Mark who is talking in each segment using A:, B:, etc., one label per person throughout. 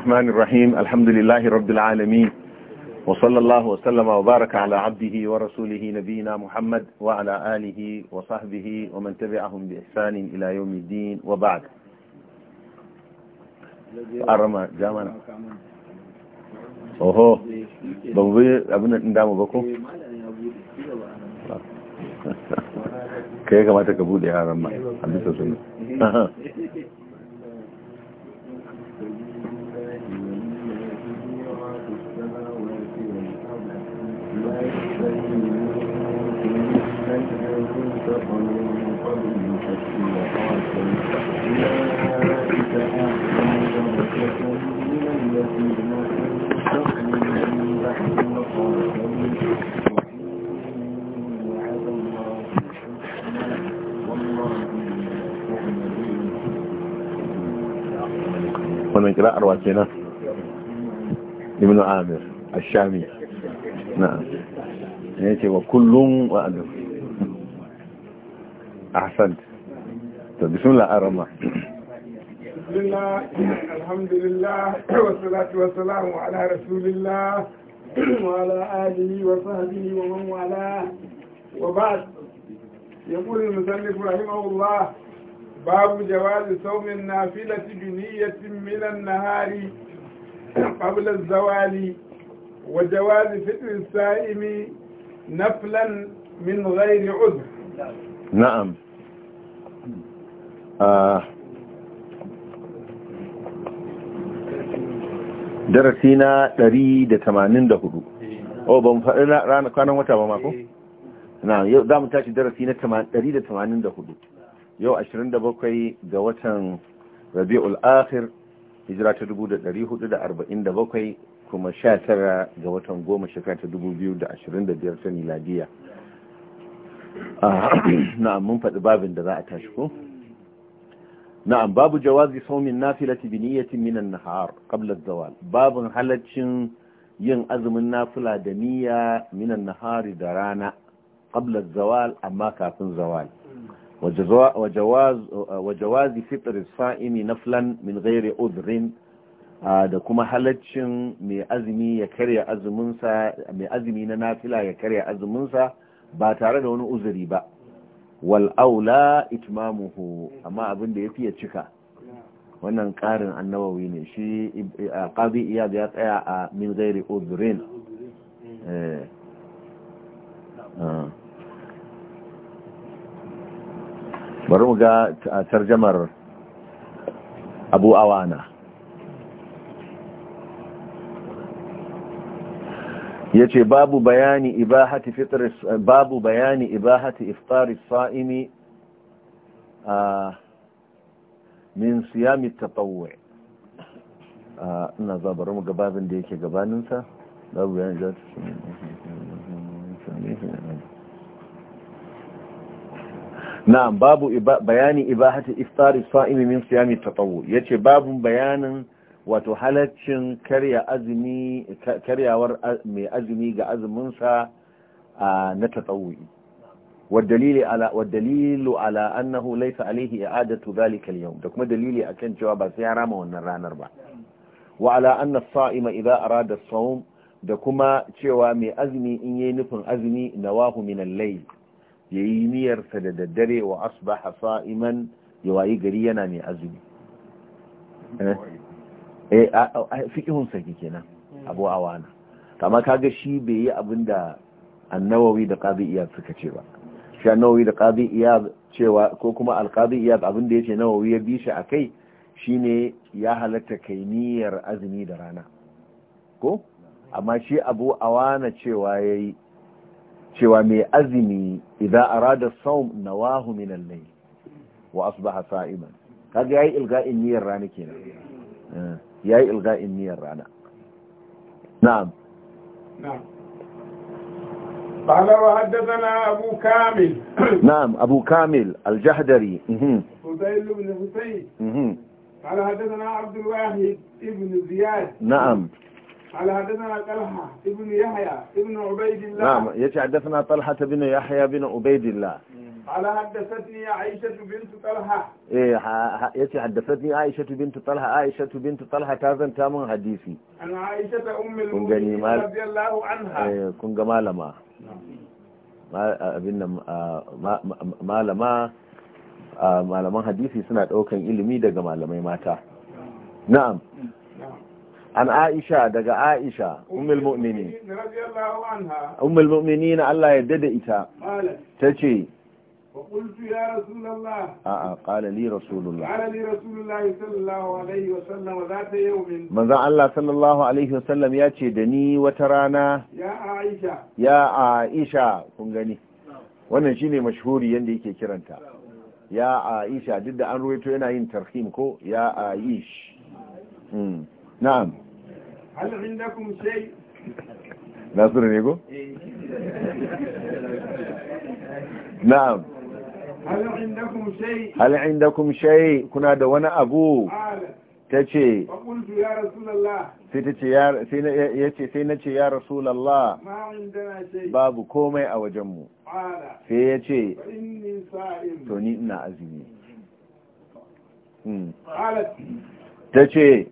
A: الرحمن الرحيم الحمد لله رب العالمين وصلى الله وسلم وبارك على عبده ورسوله نبينا محمد وعلى آله وصحبه ومن تبعهم بإحسان إلى يوم الدين وبعد
B: أرمى جامعنا أوهو بمبي
A: أبنى ندام بكم كيف ما تكبول يا رمى حديث السنة wannan kira'ar wa kenan ibn amir ash-shami ya ce wa kullum wa adam ahsan to bismillah arama
C: alhamdulillah wa salatu wa salam ala rasulillah وعلى آله وصحبه ومن والاه وبعد يقول المسلف رحمه الله باب جواز صوم النافلة بنية من النهار قبل الزوال وجواز فطر السائم نفلا من غير عذر
A: نعم آه darasi na 184 o ban faɗi ranar kwanan wata ba mako na yau za mu tashi darasi na 184 yau 27 ga watan rabi'ul akhir hijira ta 447 kuma 19 ga watan goma shekara ta 2025 ta miladiya ah, na mun faɗi babin da za a tashi ko na'am babu jawazi saumin nafilati bi niyyatin minan nahar qabla zawal babun halaccin yin azumin nafila da niyya minan nahari da rana qabla az-zawal amma kafin zawal wajawazi jawazi fitr as-sa'imi naflan min ghairi udhrin da kuma halaccin mai azumi na nafila ya karya azuminsa ba tare da wani uzuri ba wal aula itmamuhu amma abin da fi ya cika wannan ƙarin annawawi ne shi eh, qadi iya ya tsaya a min zairi udhrin eh. ah. bari mu ga tarjamar abu awana yace babu bayani ibahati fitr babu bayani ibahati iftari sa'imi a min siyami at-tatawwu ina za bari mu gababin da yake gabanin sa babu bayani da na'am babu bayani ibahati iftari saimi min siyami at-tatawwu yace babu bayanin wato halaccin karya karyawar mai azumi ga azuminsa na tatsawuyi والدليل على والدليل على annahu ليس عليه اعاده ذلك da kuma dalili akan cewa ba sai ya rama wannan ranar ba wa ala anna as-sa'ima idha arada as-sawm da kuma cewa mai azumi in yayi nufin azumi nawahu min al-layl yayi niyyar sa da daddare wa asbaha sa'iman yawayi gari yana mai azumi eh? eh fiqhun sa kenan hmm. abu awana amma kaga shi bai yi abin abinda annawawi da ƙazi iya suka ce ba shi annawawi da ƙazi iya cewa ko kuma abin da ya ce nawawi ya bi shi shi ne ya halatta kai niyyar azumi da rana ko amma shi abu wana cewa yi cewa mai azumi idan arada saum nawahu min al-layl wa asbaha sa'iman kaga yayi ilga'in niyyar rana kenan eh. ياي الغاء النيه niyyar نعم نعم قال وحدثنا أبو كامل نعم أبو كامل الجهدري
C: فضيل بن حسين قال حدثنا عبد الواحد ابن زياد نعم قال حدثنا طلحة ابن يحيى ابن عبيد الله نعم
A: يتحدثنا طلحة بن يحيى بن عبيد الله
C: قال حدثتني عائشة بنت طلحة
A: ايه يتي حدثتني عائشة بنت طلحة عائشة بنت طلحة تازن تامن حديثي malama malaman hadisi suna ɗaukan ilimi daga malamai mata an aisha daga aisha ummul mu'minin
C: radiyallahu anha
A: ummul mu'minin Allah ya dade ita tace
C: فقلت يا رسول الله
A: آآ قال لي رسول الله قال
C: لي رسول الله صلى الله عليه وسلم ذات يوم من
A: ذا الله صلى الله عليه وسلم يا دني وترانا
C: يا عائشة
A: يا عائشة كنغني wannan shine mashhuri yanda yake kiranta ya Aisha duk da an ruwaito yana yin tarhim ko ya Aish mm na'am
C: hal indakum shay
A: nasiru ne ko na'am hal indakum shay kuna da wani abu tace sai tace ya sai yace sai nace ya rasulullah babu komai a wajen mu sai yace to ni ina azumi ta ce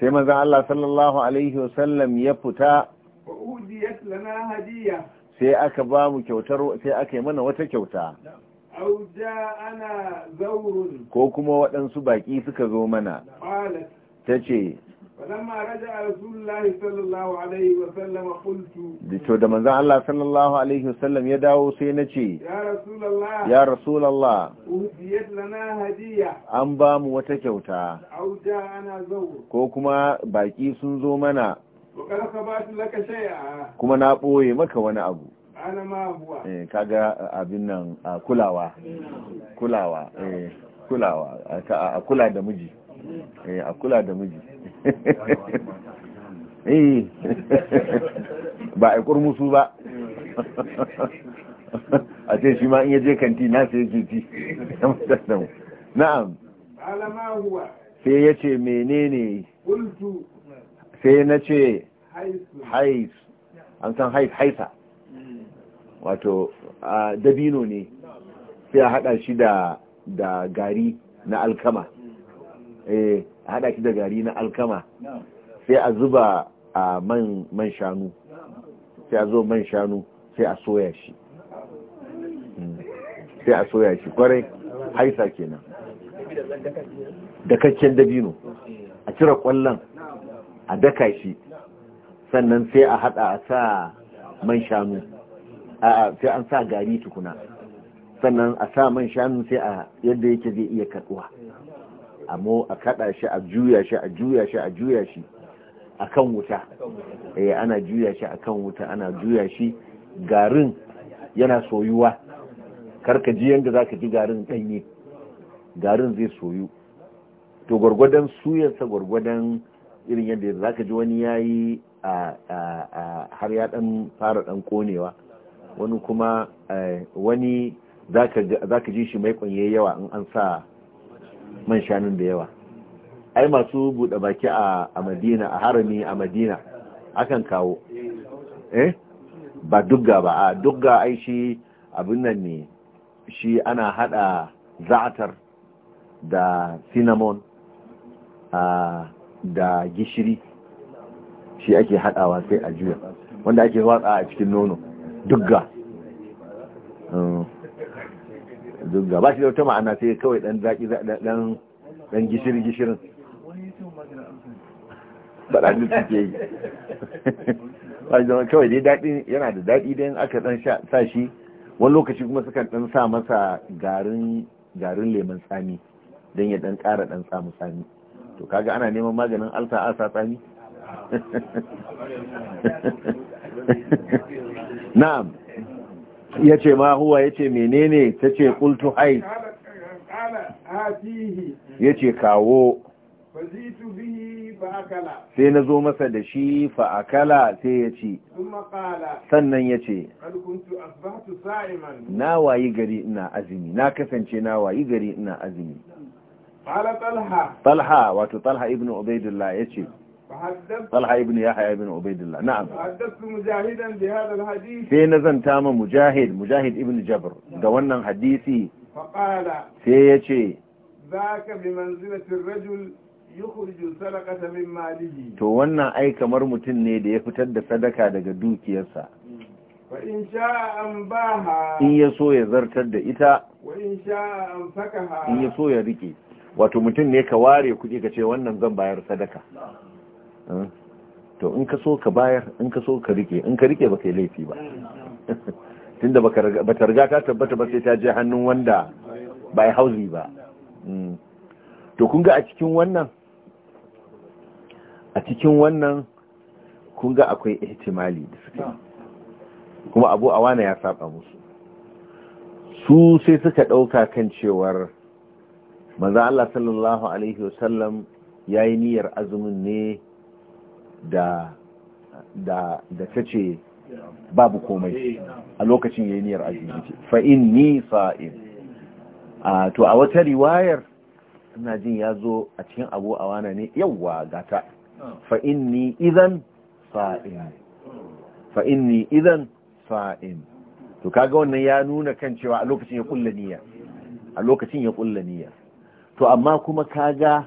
A: sai maza Allah sallallahu Alaihi wasallam ya fita sai aka ba mu kyautar sai aka yi mana wata kyauta ko kuma waɗansu baƙi suka zo mana ta ce
C: فلما رجع رسول
A: da manzon Allah sallallahu alaihi sallam ya dawo sai na ce ya rasulullah
C: ya
A: an ba mu wata kyauta ko kuma baƙi sun zo mana kuma na ɓoye maka wani abu eh, kaga abin nan kulawa kulawa eh, kulawa a kula da miji eh, a kula da miji ba a musu ba a ce shi ma in yaje kanti na sai na ci na'am sai ya ce menene sai na ce hais an san hais haisa wato dabino ne sai a hada shi da gari na alkama eh hada shi da gari na alkama sai a zuba a man shanu sai a zo man shanu sai a soya shi hmm. sai a soya shi kwarai haisa kenan dakakken dabino a cire kwallon a daka shi sannan sai a hada a sa man shanu a sai an sa gari tukuna sannan a sa man shanu sai a yadda yake zai iya kaduwa amma a kada shi a juya shi a juya shi a juya shi a kan wuta eh ana juya shi a kan wuta ana juya shi garin yana soyuwa karka ji yanda zaka ji garin danye garin zai soyu to gwargwadon suyarsa gwargwadon irin yadda zaka ji wani yayi har ya dan fara dan konewa wani kuma eh, wani za ka ji shi mai kwanye yawa in an sa man shanun da yawa ai masu buɗe baki a madina a harami a madina akan kawo eh ba dugga ba a dugga ai shi abin nan ne shi ana hada za'atar da cinnamon ah, da gishiri shi ake haɗawa sai a juya wanda ake watsa a cikin nono dugga mm. dugga ba shi da wata ma'ana sai kawai dan zaki dan gishirin gishiri gishirin faɗaɗin suke yi ba shi zama kawai dai daɗi yana da daɗi dai aka dan sa shi wani lokaci kuma sukan dan sa masa garin lemon tsami don ya ɗan ƙara dan samu tsami to kaga ana neman maganin alsa alsa tsami na'am ya ce ma huwa ya ce menene ta ce kultu hai ya ce kawo sai na zo masa da shi fa'akala sai ya ci sannan ya ce na wayi gari ina azumi na kasance na wayi gari ina azumi talha wato talha ibn ubaidullah ya ce طلحة ابن يحيى ابن عبيد الله نعم
C: حدثت مجاهدا بهذا الحديث
A: في نزن تام مجاهد مجاهد ابن جبر دوانا حديثي فقال في يشي
C: ذاك بمنزلة
A: to wannan ai mutum ne da ya fitar da sadaka daga dukiyarsa
C: wa in sha'a an
A: ya zartar da ita
C: wa in sha'a an
A: ya rike wato mutum ne ka ware kuɗi ka ce wannan zan bayar sadaka to in ka so ka bayar in ka so ka rike in ka rike ba kai laifi ba tunda ba ta riga ta tabbata ba sai ta je hannun wanda ba ya hauzi ba mm. to kun ga a cikin wannan a cikin wannan kun ga akwai ihtimali da suke kuma abu awana ya saba musu su sai suka ɗauka kan cewar maza Allah sallallahu Alaihi wasallam ya yi niyyar azumin ne da da da tace babu komai a lokacin yayin niyyar azumi fa inni sa'im a to a wata riwayar ina jin yazo a cikin abu awana ne yawa gata fa inni idan sa'im fa inni idan sa'im to kaga wannan ya nuna kan cewa a lokacin ya kulla a lokacin ya kulla niyya to amma kuma kaga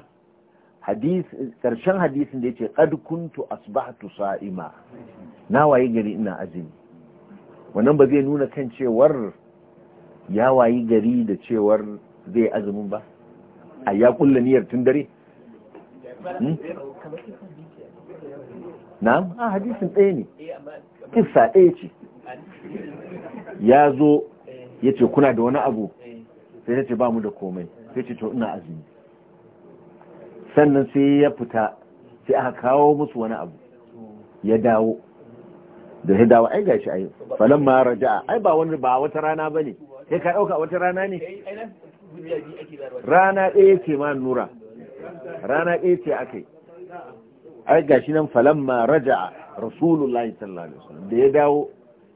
A: karshen hadisin da ya ce ƙad kuntu asbahtu sa'ima na waye gari ina azumi wannan ba zai nuna kan cewar ya wayi gari da cewar zai azumin ba a ya kulla niyyar tun dare hmm? na a ah, hadisin ɗaya ne kissa ɗaya ce ya zo ya ce kuna da wani abu sai ya ce ba mu da komai sai ce to ina azumi sannan sai ya fita sai aka kawo musu wani abu ya dawo da ya dawo ai gashi ai falan ma raja ai ba wani ba wata rana bane sai ka dauka wata rana ne rana ɗaya ce ma nura rana ɗaya ce akai ai gashi nan falan ma raja rasulullahi sallallahu alaihi wasallam da ya dawo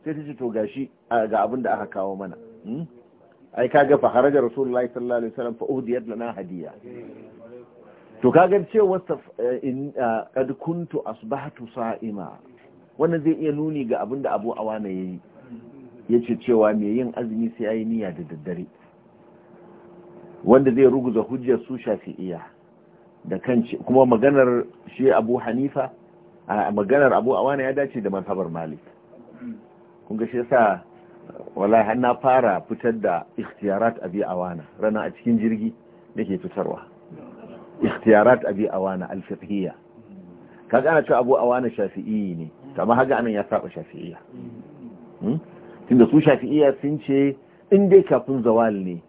A: sai ta ce to gashi ga abin da aka kawo mana hmm? ai kaga fa haraja rasulullahi sallallahu alaihi wasallam fa uhdiyat lana hadiya to kagar cewa eh, eh, kad kuntu asbahtu sa'ima wannan zai iya nuni ga abin da abu awana yayi yace cewa mai yin azumi sai yayi niyya da daddare wanda zai ruguza hujjar su shafi'iyya da kanci kuma maganar shi Abu Hanifa maganar Abu Awana ya dace da mazhabar Malik kun ga shi yasa wala har na fara fitar da ikhtiyarat Abi Awana rana a cikin jirgi nake fitarwa ikhtiyarat abi awana alfiqhiyya kaga ana cewa abu awana shafi'i ne kama haga anan ya saba shafi'iyya tunda su shafi'iyya sun ce in dai kafin zawal ne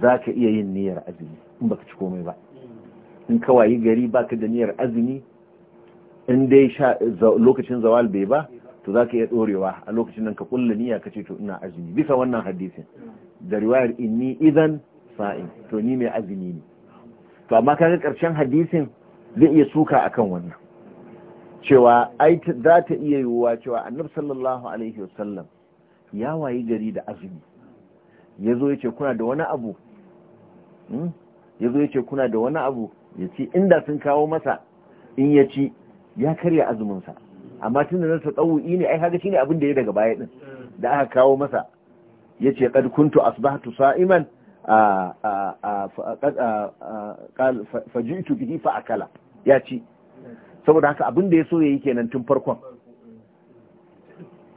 A: zaka iya yin niyyar azumi in baka ci komai ba in kawai gari baka da niyyar azumi in dai lokacin zawal bai ba to za iya dorewa a lokacin nan ka kulla niyya ka ce to ina azumi bisa wannan hadisin da riwayar inni idan sa'in to ni mai azumi ne to amma kaga karshen hadisin zai iya suka akan wannan cewa ai za ta iya yiwuwa cewa annabi sallallahu alaihi wasallam ya wayi gari da azumi ya zo ya ce kuna da wani abu hmm? ya zo ya ce kuna da wani abu ya ci inda sun kawo masa in ya ci ya karya azuminsa amma tun da nasa tsawu'i ne ai haka shine abin da ya daga baya din da aka kawo masa ya ce kad kuntu asbahtu sa'iman fajitu bihi fa akala ya ci saboda haka abin da ya so yayi kenan tun farkon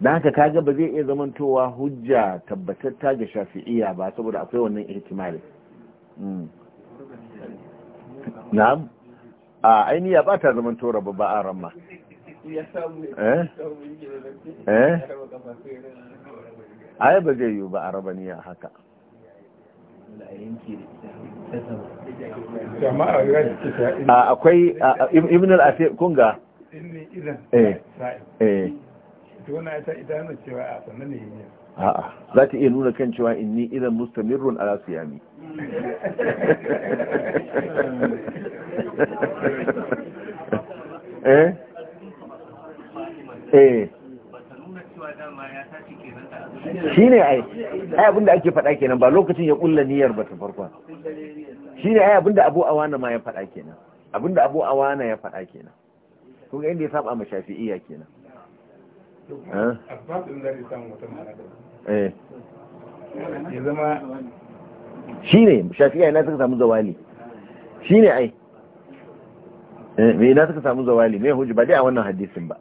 A: da haka kaga ba zai iya zamantowa hujja tabbatatta ga shafi'iyya ba saboda akwai wannan ihtimali hmm. na'am a ainiya ba ta zamanto rabu ba a ramma
B: eh eh
A: ai ba zai yi ba a rabaniya haka akwai ibn al-asir kunga a'a za ta iya nuna kan cewa inni idan mustamirrun ala siyami eh eh
B: shine ai ai abinda ake
A: faɗa kenan ba lokacin ya kulla niyyar ba ta farkon ne ai abinda Abu Awana ma ya faɗa kenan abinda Abu Awana ya faɗa kenan kun ga inda ya saba ma Shafi'iyya kenan eh ne, Shafi'iyya na suka samu zawali Shi ne ai eh, me na suka samu zawali me hujji ba dai a wannan hadisin ba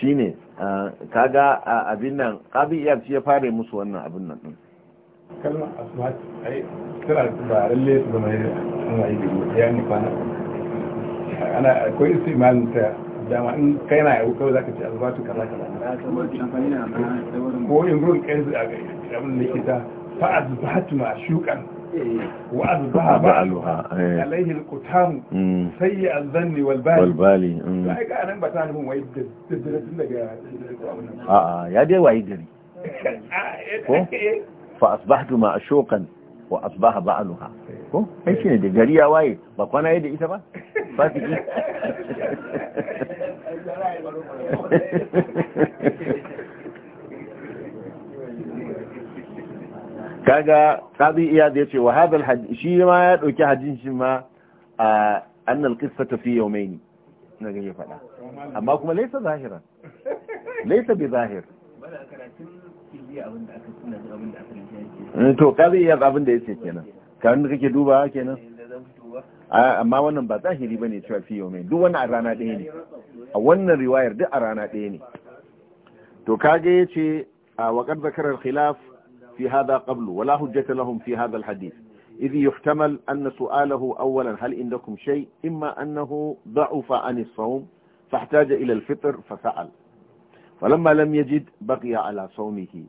A: shine Ah, kaga ah, abin nan kabi ya ce ya fara musu wannan abin nan din
C: kalmar asmat ai tana ba lalle su zama suna yi biyu ya nufa ana akwai istimalin ta dama in kai na yau kawai zaka ce albatu kaza kaza ah, ko in ruwan kai abin da ke ta fa'ad batu ma shukan wa ba'aluha alaihi alqutam sayyi alzanni wal tun daga a
A: a ya dai wayi gari ko fa asbahtu ma ashuqan wa asbaha ba'aluha ko ai shine da gari ya waye ba kwana yayi da ita ba fasiki kaga iya zai ce wa hadal alhadith shi ma ya dauki hadisi ma a qissa ta fi yawmayn na ga fada amma kuma laysa zahiran laysa bi zahir eh, to qadi iyad abin da yace kenan kan da kake duba kenan amma wannan ba zahiri bane cewa fi yawmayn duk wannan a rana ɗaya ne a wannan riwayar duk a rana ɗaya ne to kage yace a waƙar zakara al-khilaf في هذا قبل ولا حجة لهم في هذا الحديث إذ يحتمل أن سؤاله أولا هل عندكم شيء إما أنه ضعف عن الصوم فاحتاج إلى الفطر فسأل فلما لم يجد بقي على صومه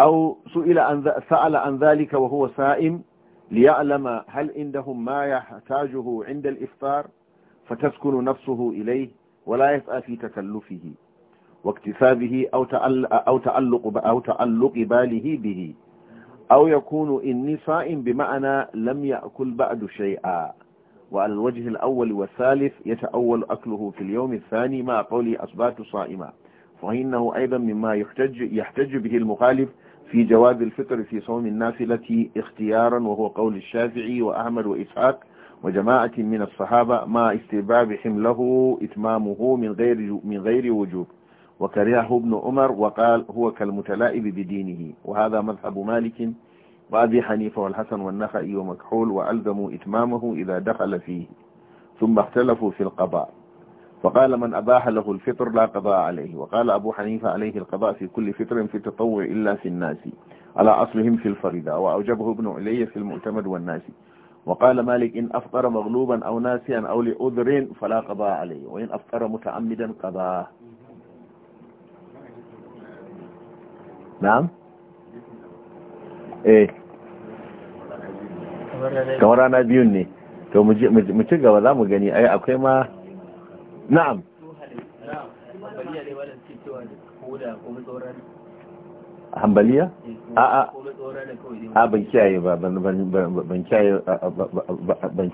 A: أو سئل عن سأل عن ذلك وهو سائم ليعلم هل عندهم ما يحتاجه عند الإفطار فتسكن نفسه إليه ولا يسأل في تكلفه واكتسابه أو أو تعلق أو تعلق باله به أو يكون إني صائم بمعنى لم يأكل بعد شيئا وعلى الوجه الأول والثالث يتأول أكله في اليوم الثاني مع قولي أصبات صائما فإنه أيضا مما يحتج, يحتج به المخالف في جواب الفطر في صوم النافلة اختيارا وهو قول الشافعي وأحمد وإسحاق وجماعة من الصحابة ما استباب حمله إتمامه من غير, من غير وجوب وكرهه ابن عمر وقال هو كالمتلائب بدينه وهذا مذهب مالك وأبي حنيفة والحسن والنخعي ومكحول وألزموا إتمامه إذا دخل فيه ثم اختلفوا في القضاء فقال من أباح له الفطر لا قضاء عليه وقال أبو حنيفة عليه القضاء في كل فطر في التطوع إلا في الناس على أصلهم في الفريدة وأوجبه ابن علي في المعتمد والناس وقال مالك إن أفطر مغلوبا أو ناسيا أو لعذر فلا قضاء عليه وإن أفطر متعمدا قضاه na'am eh kamar rana biyun ne to mu ci gaba za mu gani ai akwai ma na'am hambaliya?
B: a eh, a ban
A: kiyaye ba ban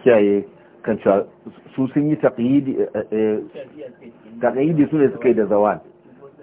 A: kiyaye kan cewa su sun yi taƙayi eh, eh, su ne suka yi da zawal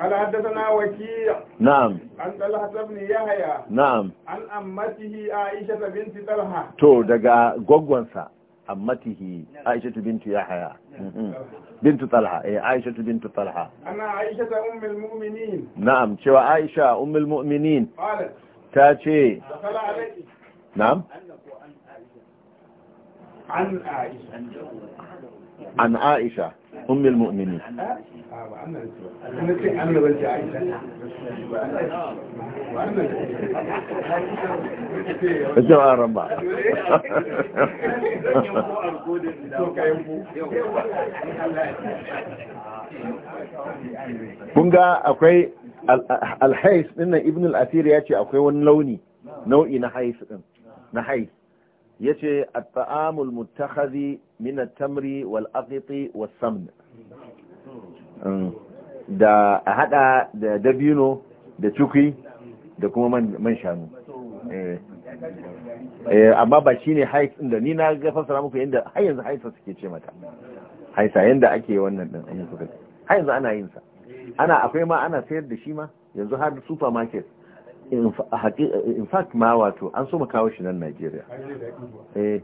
C: قال حدثنا وكيع نعم عن طلحة بن يحيى نعم عن أمته عائشة بنت طلحة
A: تو دقا غوغونسا أمته عائشة بنت يحيى بنت طلحة إيه عائشة بنت طلحة
C: أنا عائشة أم المؤمنين
A: نعم شو عائشة أم المؤمنين قالت تاتي
C: دخل عليك نعم عن عائشة عن عائشة أم المؤمنين
B: kunga
A: akwai alhais ɗin ibn al ya ce akwai wani launi nau'i na hais na yace at-ta'amul muttakhadhi min at-tamri wal aqiti was samn mm. da a hada da dabino da cuki da kuma man shanu eh.
B: Eh, amma ba shine
A: hais din da ni na ga fasara muku yanda har yanzu haisa suke ce mata haisa yanda ake wannan din an yi suka har yanzu ana yin sa ana akwai ma ana sayar da shi ma yanzu har supermarket in fact ma wato an so kawo shi nan Najeriya. Eh,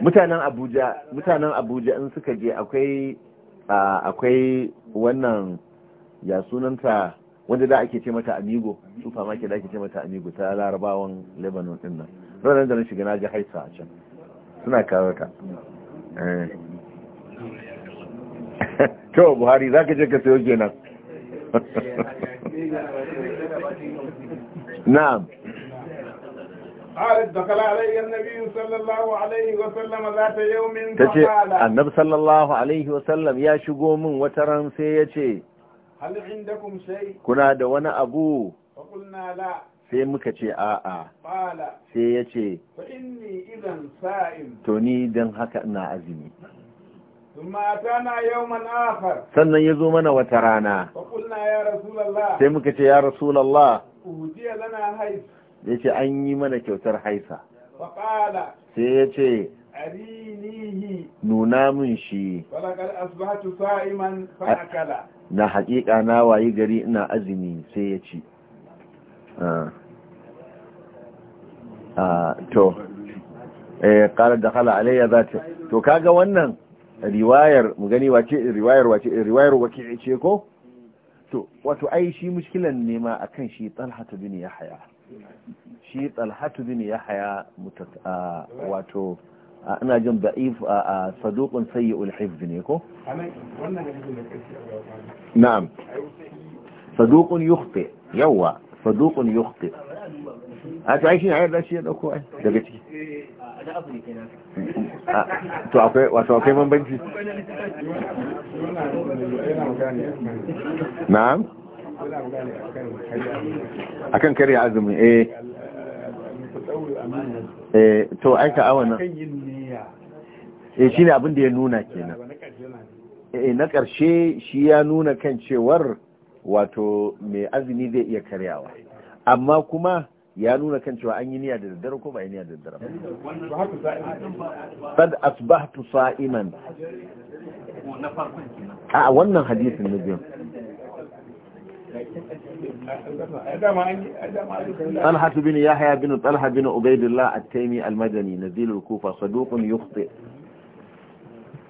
A: mutanen Abuja, mutanen Abuja in suka je akwai akwai wannan ya sunanta wanda da ake ce mata Amigo, supermarket da ake ce mata Amigo ta larabawan Lebanon din nan. Ranar da na shiga na ji haisa a can. Suna kawo ta. Eh. To Buhari za ka je ka sayo kenan. نعم
C: قالت دخل علي النبي صلى الله عليه وسلم ذات يوم فقال النبي
A: صلى الله عليه وسلم يا شغو من وتران
C: هل عندكم شيء
A: كنا ده وانا ابو
C: فقلنا لا
A: sai muka ce a'a sai yace
C: fa inni idan sa'im
A: to ni dan haka ina azumi sannan ya zo mana wata rana sai muka ce ya rasulallah ya ce an yi mana kyautar haisa sai ya ce nuna min shi na haƙiƙa na wayi gari ina azumi sai ya ci to ƙarar da hala alayya za ta to kaga wannan riwayar mu gani wace riwayar wace riwayar wace ce ko to wato ai shi mushkilan ne ma akan shi talhatu bin yahya shi talhatu bin yahya mutata wato ina jin da'if a saduqun sayyul hifz ne ko na'am saduqun yukhti yawa saduqun yukhti a ta shi ayar da shi ya dauko ai daga ciki to akwai wato akwai bambanci
C: na'am akan
A: karya azumi eh eh to aika awana eh shine abin da ya nuna kenan eh na karshe shi ya nuna kan cewar wato mai azumi zai iya karyawa amma kuma ya nuna kan cewa an yi niyya da daddare ko ba yi niyya da daddare ba sad asbahtu sa'iman a wannan hadisin na biyu طلحة بن يحيى بن طلحة بن عبيد الله التيمي المدني نزيل الكوفة صدوق يخطئ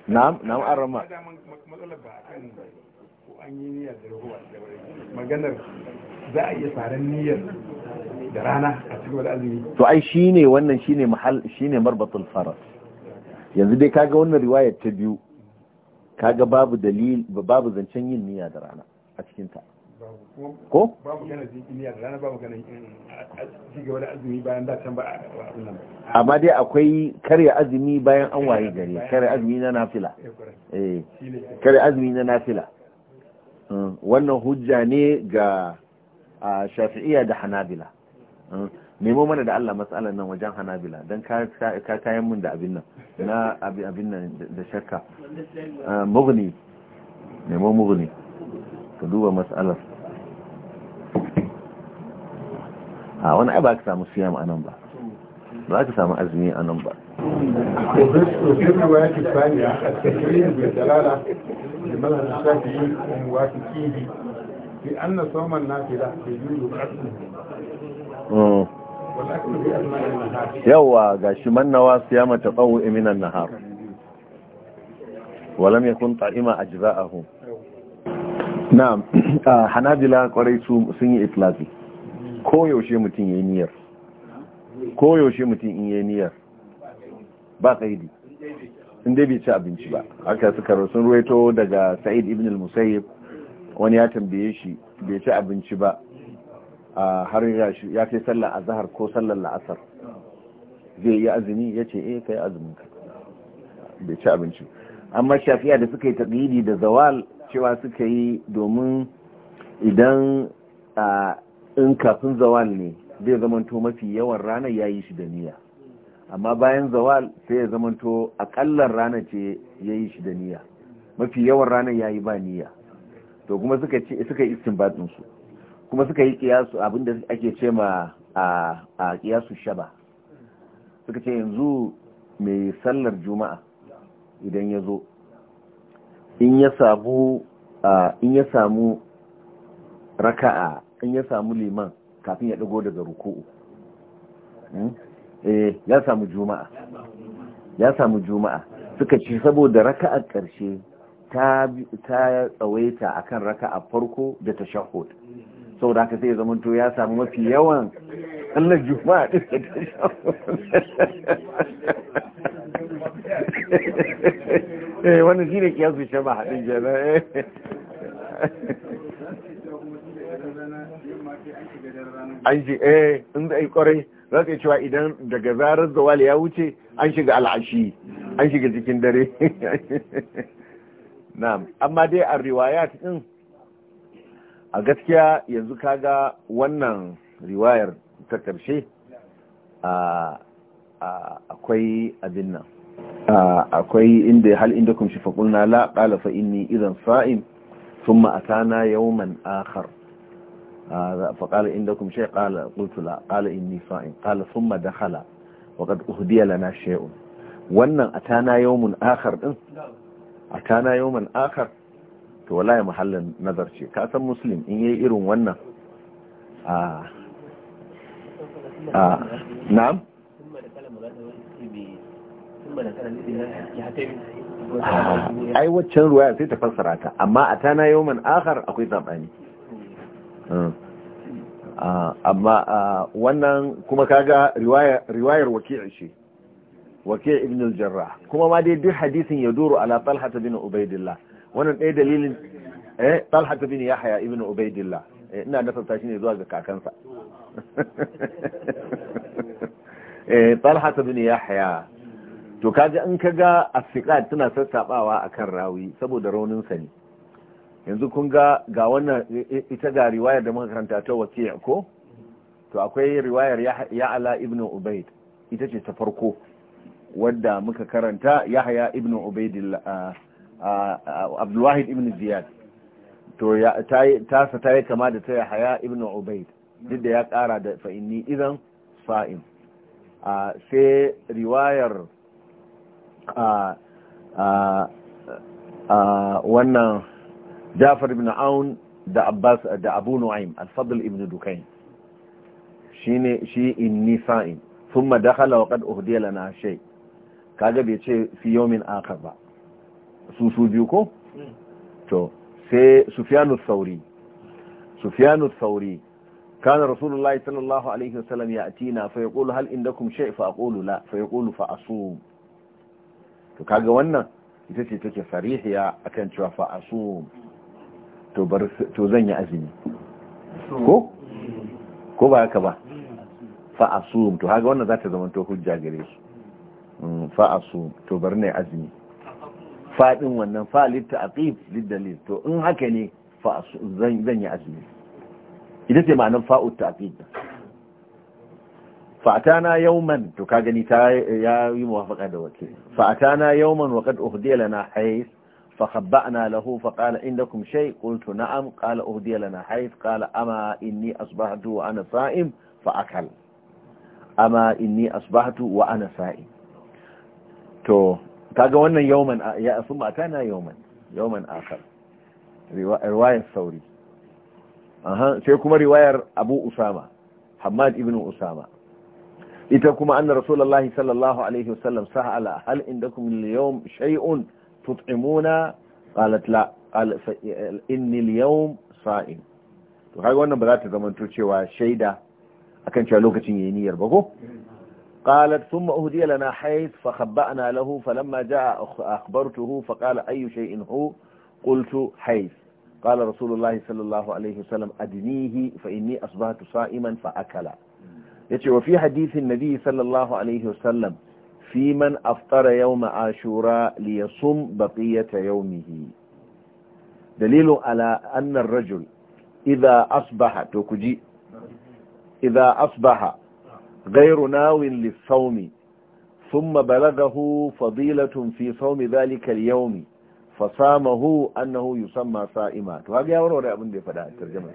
A: نعم نعم الرمى maganar
C: za a iya tsarin niyyar da rana a cikin wani azumi
A: to ai shine wannan shine mahal shine marbatul faras yanzu dai kaga wannan riwaya ta biyu kaga babu dalil babu zancen yin niyya da rana a cikin ta
C: ko babu kana niyya da rana babu kana cigaba wani azumi bayan da can ba
A: amma dai akwai karya azumi bayan an waye gari eh, eh, karya azumi na nafila eh karya azumi na nafila wannan hujja ne ga ah, shafi'iyya da hanabila nemo mana da Allah matsalar nan wajen hanabila don ka kayan mun da abin nan na abin nan da shakka eh, mugni nemo mugni ka duba matsalar a ah, wani ai ba ka samu siyam a nan ba ba ka samu azumi a nan ba لمذهب
C: في أن صوم النافلة يجوز أصله Mm.
A: yawa ga shi mannawa siya mata tsawo iminan nahar walam ya kun ta'ima a jira'ahu na hanabila kwarai sun yi itlafi ko yaushe mutum ya yi niyyar ko yaushe mutum in yi niyar ba kaidi in dai bai ci abinci ba aka suka sun ruwaito daga sa'id ibn al-musayyib wani ya tambaye shi bai ci abinci ba har ya kai sallar azahar ko sallar la'asar zai yi azumi ya ce eh kai azumin ka bai ci abinci amma shafiya da suka yi taɗidi da zawal cewa suka yi domin idan in kafin zawal ne zai zamanto mafi yawan ranar ya yi shi da niyya amma bayan zawal sai ya zamanto akallar ranar ce ya yi shi da niyya mafi yawan ranar ya yi ba niyya to kuma suka yi suka yi kuma suka yi kiyasu abinda ake ce ma a kiyasu shaba suka ce yanzu mai sallar juma'a idan ya zo in ya samu in ya samu raka'a in ya samu liman kafin ya dago daga ruku'u hmm? eh ya samu juma'a ya samu juma'a suka ce saboda raka'a ƙarshe ta tsawaita akan raka'a farko da ta shahud saboda haka sai ya zama to ya samu mafi yawan Allah juma'a din da ta eh wannan shine kiyasu shaba hadin jana eh an shi eh in da ai kwarai za ka yi cewa idan daga zarar zawali ya wuce an shiga al'ashi an shiga cikin dare na'am amma dai a riwayat din a gaskiya yanzu kaga wannan riwayar ta ƙarshe akwai abin nan akwai inda hal inda kun shi faƙulna la ƙala fa ni idan sa'in sun ma'atana yawman akhar faƙala inda kun shi ƙala ƙultula ƙala inni sa'in ƙala sun ma waƙar waƙad uhdiya lana shay'un wannan atana ta akhar din atana yawman akhar to wallahi muhallin nazar ce ka san muslim in yayi irin wannan a a na'am ah. ai waccan ruwaya sai ta fassara ta amma a tana yawman akhar akwai sabani hmm. amma wannan kuma kaga riwayar waki'i shi, waki'i ibn al-jarrah kuma ma dai duk hadisin ya duru ala talha bin ubaidillah wannan ɗaya dalilin eh talha bin yahya ibnu ubaidillah eh, ina nasarta shi ne zuwa ga kakansa eh talha bin yahya to kaji an kaga asiqat tana sassabawa akan rawi saboda raunin sa ne yanzu kun ga ga wannan ita ga riwayar da muka karanta ta wakiya ko to akwai riwayar ya'ala ibn ubaid ita ce ta farko wadda muka karanta yahya ibn ubaidillah ah, abdulwahid ibn ziyad to tasa ta yi kama da ta yi haya ibn ubaid duk da ya kara da fa'inni idan sa'im sai riwayar wannan jafar ibn aun da abbas da abu nu'aim al-fadl ibn dukain shine shi inni sa'im thumma dakhala wa qad uhdiya lana shay kaga bai ce fi yawmin akhar ba su su biyu ko hmm. to sai sufyanu sauri sufyanu sauri ya رسول الله صلى الله عليه وسلم يأتينا فيقول هل عندكم شيء فأقول لا فيقول فأصوم to kaga wannan ita ce take sarihiya akan cewa fa asum to bar to zan yi azumi ko hmm. ko ba haka ba hmm, fa asum to kaga wannan zata zama to hujja gare shi fa asum to bar ne azumi faɗin wannan fa'alitta a ƙif liddalil to in haka ne zan yi azumi ita ce ma'anar fa'ut ta ƙif yau yauman to ka gani ta ya yi muwafaka da wace yau yauman wa kad uhdiya lana hais fa khabba'na lahu fa qala indakum shay qultu na'am qala uhdiya lana hais qala ama inni asbahtu wa ana sa'im fa akal amma inni asbahtu wa ana sa'im to kaga wannan yawman ya sun mata na yawman yawman akar riwayar sauri sai kuma riwayar abu usama hamad ibn usama ita kuma anna rasulullahi sallallahu alaihi wasallam sa'ala hal indakum al-yawm shay'un tut'imuna qalat la qal inni al-yawm sa'im to kaga wannan ba za ta zama to cewa shaida akan cewa lokacin yayi niyyar ba ko قالت ثم أهدي لنا حيث فخبأنا له فلما جاء أخبرته فقال أي شيء هو قلت حيث قال رسول الله صلى الله عليه وسلم أدنيه فإني أصبحت صائما فأكل وفي حديث النبي صلى الله عليه وسلم في من أفطر يوم عاشوراء ليصم بقية يومه دليل على أن الرجل إذا أصبح توكجي إذا أصبح غير ناو للصوم ثم بلغه فضيلة في صوم ذلك اليوم فصامه أنه يسمى صائما وهذا يورور أبن دي فداء الترجمة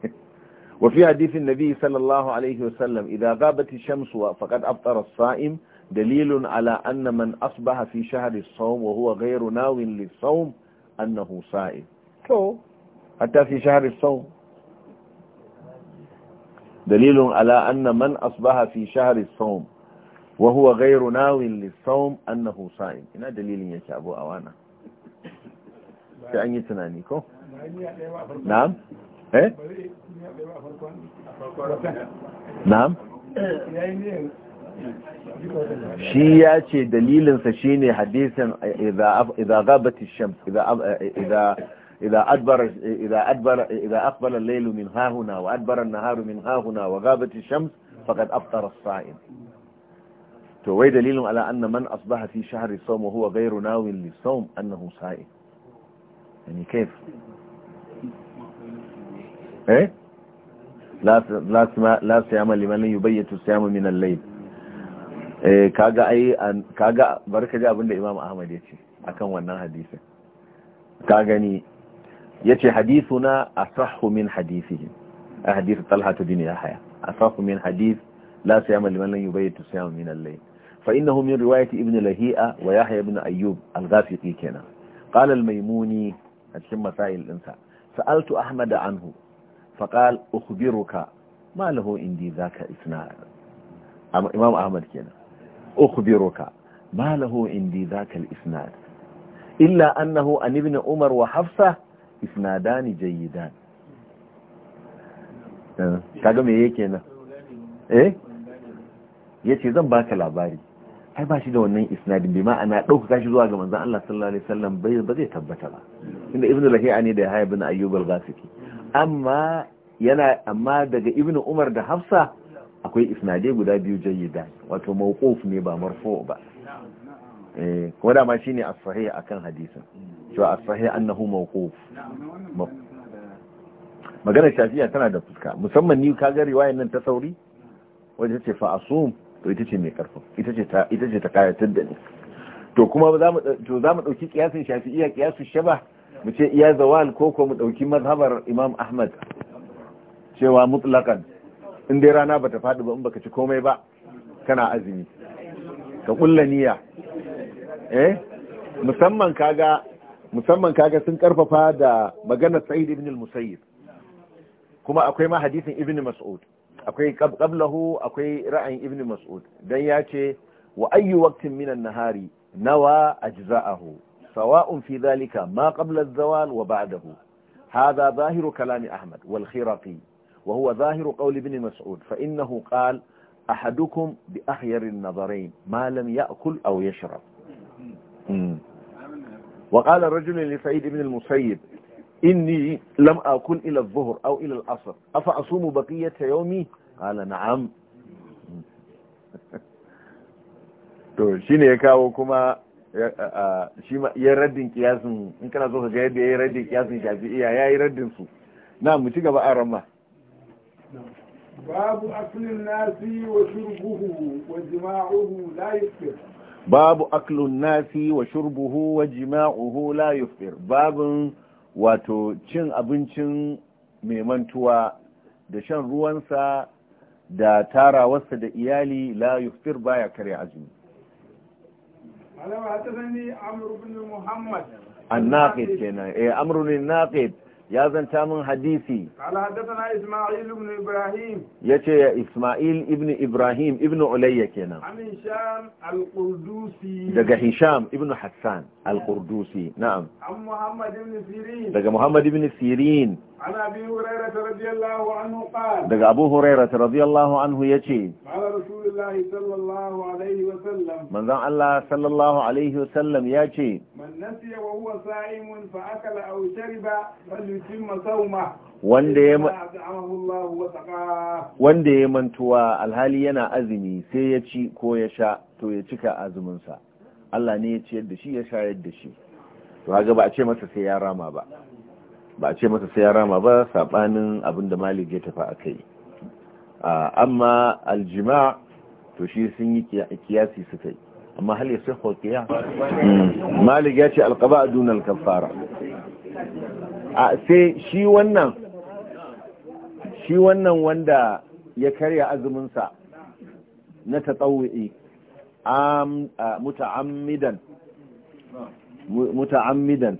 A: وفي حديث النبي صلى الله عليه وسلم إذا غابت الشمس فقد أفطر الصائم دليل على أن من أصبح في شهر الصوم وهو غير ناو للصوم أنه صائم حتى في شهر الصوم دليل على أن من أصبح في شهر الصوم وهو غير ناو للصوم أنه صائم هنا دليل يا أبو أوانا كأن يتنانيكو نعم eh na'am shi ya ce dalilinsa shine hadisin idza ghabati shams idza إذا أدبر, إذا أدبر إذا أقبل الليل من ها هنا وأدبر النهار من ها هنا وغابت الشمس فقد أفطر الصائم تو دليل على أن من أصبح في شهر الصوم وهو غير ناوي للصوم أنه صائم يعني كيف إيه لا لا سما لا صيام لمن يبيت الصيام من الليل إيه، كاجا أي كاجا بركة أبو الإمام أحمد يشي. أكن ونان حديثه ka yace hadithuna asahhu min hadithihim hadith talha bin yahya asahhu min hadith la siyama liman lam yubayt siyama min al-layl fa innahu min riwayati ibn lahi'a wa yahya ibn ayyub al-ghafiqi kana qala al-maymuni a cikin masail dinsa sa'altu ahmad anhu fa qala ukhbiruka ma lahu indi zaka isnad imam ahmad kenan ukhbiruka ma lahu indi zaka al-isnad illa annahu an ibn umar wa hafsa isnadani jayyidan eh, kaga me yake nan eh yace zan baka labari ai ba shi da wannan isnadin bi ana ɗaukaka kashi zuwa ga manzon Allah sallallahu alaihi wasallam bai ba zai tabbata ba inda ibnu lahiya ne da yahya ibn ayyub al-ghasiki amma yana amma daga ibnu umar da hafsa akwai isnade guda biyu jayyida wato mawquf ne ba marfu ba eh ko da ma shine as-sahih akan hadisin cewa a sahi annahu mawquf magana shafiya tana da fuska musamman ni ka ga riwayar nan ta sauri wajen ce fa asum to ita ce mai karfi ita ce ta ita ce ta kayatar da ni to kuma za mu to za mu dauki kiyasin shafi'iyya kiyasu shaba mu ce iya zawal ko ko mu dauki mazhabar imam ahmad cewa mutlaqan in dai rana bata fadi ba in baka ci komai ba kana azumi ka kulla eh musamman kaga musamman kaga sun karfafa da maganar sa'id ibn al-musayyib kuma akwai ma hadisin ibn mas'ud akwai qablahu akwai ra'ayin ibn mas'ud dan ya ce wa ayyu waqtin minan nahari nawa ajza'ahu sawa'un fi dhalika ma qabla az-zawal wa ba'dahu hadha zahiru kalami ahmad wal khiraqi wa huwa zahiru qawli ibn mas'ud fa innahu qala ahadukum bi ahyari an-nadharayn ma lam ya'kul aw yashrab hmm. وقال الرجل لسعيد بن المسيب إني لم أكل إلى الظهر أو إلى العصر أفأصوم بقية يومي قال نعم to ya kawo kuma shi ya raddin kiyasin na
C: a wa wa jima'uhu
A: babu aklun nasi wa shurbuhu wa jima'uhu la yufir babin wato cin abincin mai mantuwa da shan ruwansa da tarawarsa da iyali la yufir baya kare azumi
C: malama ta sani amru bin muhammad
A: annaqid kenan eh amru bin naqid ya zanta min hadisi ya ce ya ismail ibn ibrahim ibn ulayya kenan daga hisham ibn hassan al-qurdusi na'am daga muhammad ibn sirin daga abu huraira radiyallahu anhu ya ce manzan allah sallallahu alaihi wasallam ya ce
C: nasiya wa huwa sa'imun fa akala aw shariba sawma
A: wanda ya wanda ya mantuwa alhali yana azumi sai ya ci ko ya sha to ya cika azumin sa Allah ne ya ci yadda shi ya sha yadda shi to kaga ba a ce masa sai ya rama ba ba a ce masa sai ya rama ba sabanin abin da Malik ya tafi akai amma aljima' to shi sun yi kiyasi suka amma hal yasihhu al-qiyam malik ya ce alqaba dun al-kaffara a sai shi wannan shi wannan wanda ya karya azumin sa na ta am muta'ammidan muta'ammidan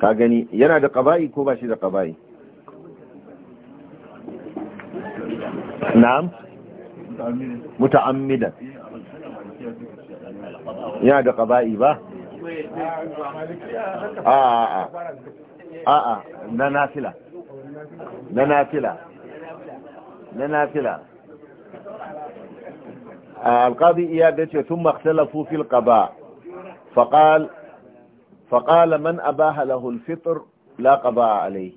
A: ka gani yana da qaba'i ko ba shi da qaba'i na'am متعمدا يا ده قضائي با
B: اه اه اه, آه،, آه. نافلة نافلة
A: نافلة آه، القاضي إياد ثم اختلفوا في القباء فقال فقال من أباه له الفطر لا قضاء عليه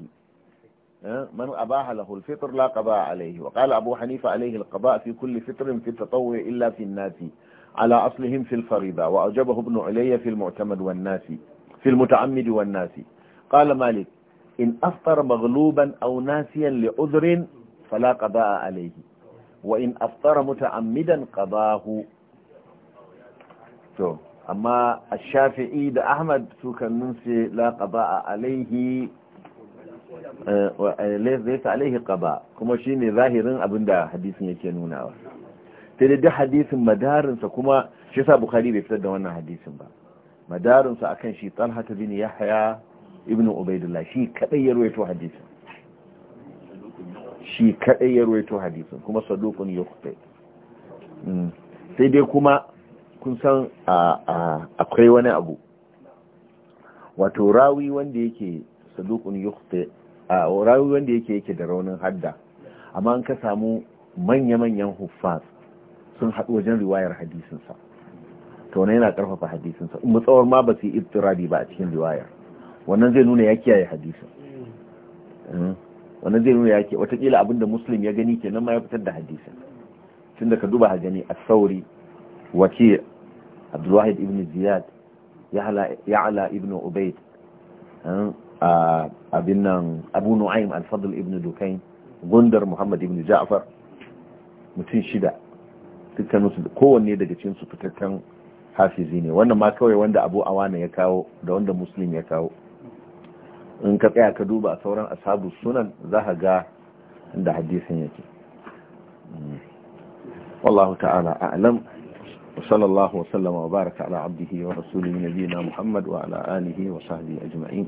A: من أباح له الفطر لا قضاء عليه وقال أبو حنيفة عليه القضاء في كل فطر في التطوع إلا في الناس على أصلهم في الفريضة وأجبه ابن علي في المعتمد والناسي في المتعمد والناسي قال مالك إن أفطر مغلوبا أو ناسيا لعذر فلا قضاء عليه وإن أفطر متعمدا قضاه أما الشافعي ده أحمد سوكا ننسي لا قضاء عليه Eh, eh, laisa alaihi qaba kuma shine zahirin abinda hadisin yake nunawa sai da duk hadisin madarinsa kuma shi sa bukhari bai fitar da wannan hadisin ba madarinsa akan shi talha bin yahya ibnu ubaidullah shi kadai ya ruwaito hadisin shi kadai ya ruwaito hadisin kuma saduqun yukhti hmm. sai dai kuma kun san akwai wani abu wato rawi wanda yake saduqun yukhti a rawi wanda yake yake da raunin hadda amma an ka samu manya-manyan huffaz sun haɗu wajen riwayar hadisinsa to wannan yana ƙarfafa hadisinsa in matsawar ma ba su yi iftirabi ba a cikin riwayar wannan zai nuna ya kiyaye hadisin hmm? wannan zai nuna ya ke watakila abinda muslim ya gani kenan ma ya fitar da hadisin tun da ka duba ha gani as-sauri waki abdulwahid ibn ziyad ala ibn Ubaid. Hmm? abin nan abu nu'aim al-fadl ibn dukain gundar muhammad ibn ja'far mutum shida kowanne daga cikin su fitattun hafizi ne wannan ma kawai wanda abu awana ya kawo da wanda muslim ya kawo in ka tsaya ka duba a sauran ashabu sunan za ka ga da hadisin yake wallahu ta'ala a'lam baraka ala abdihi wa rasulihi nabiyina muhammad wa ala alihi wa sahbihi ajma'in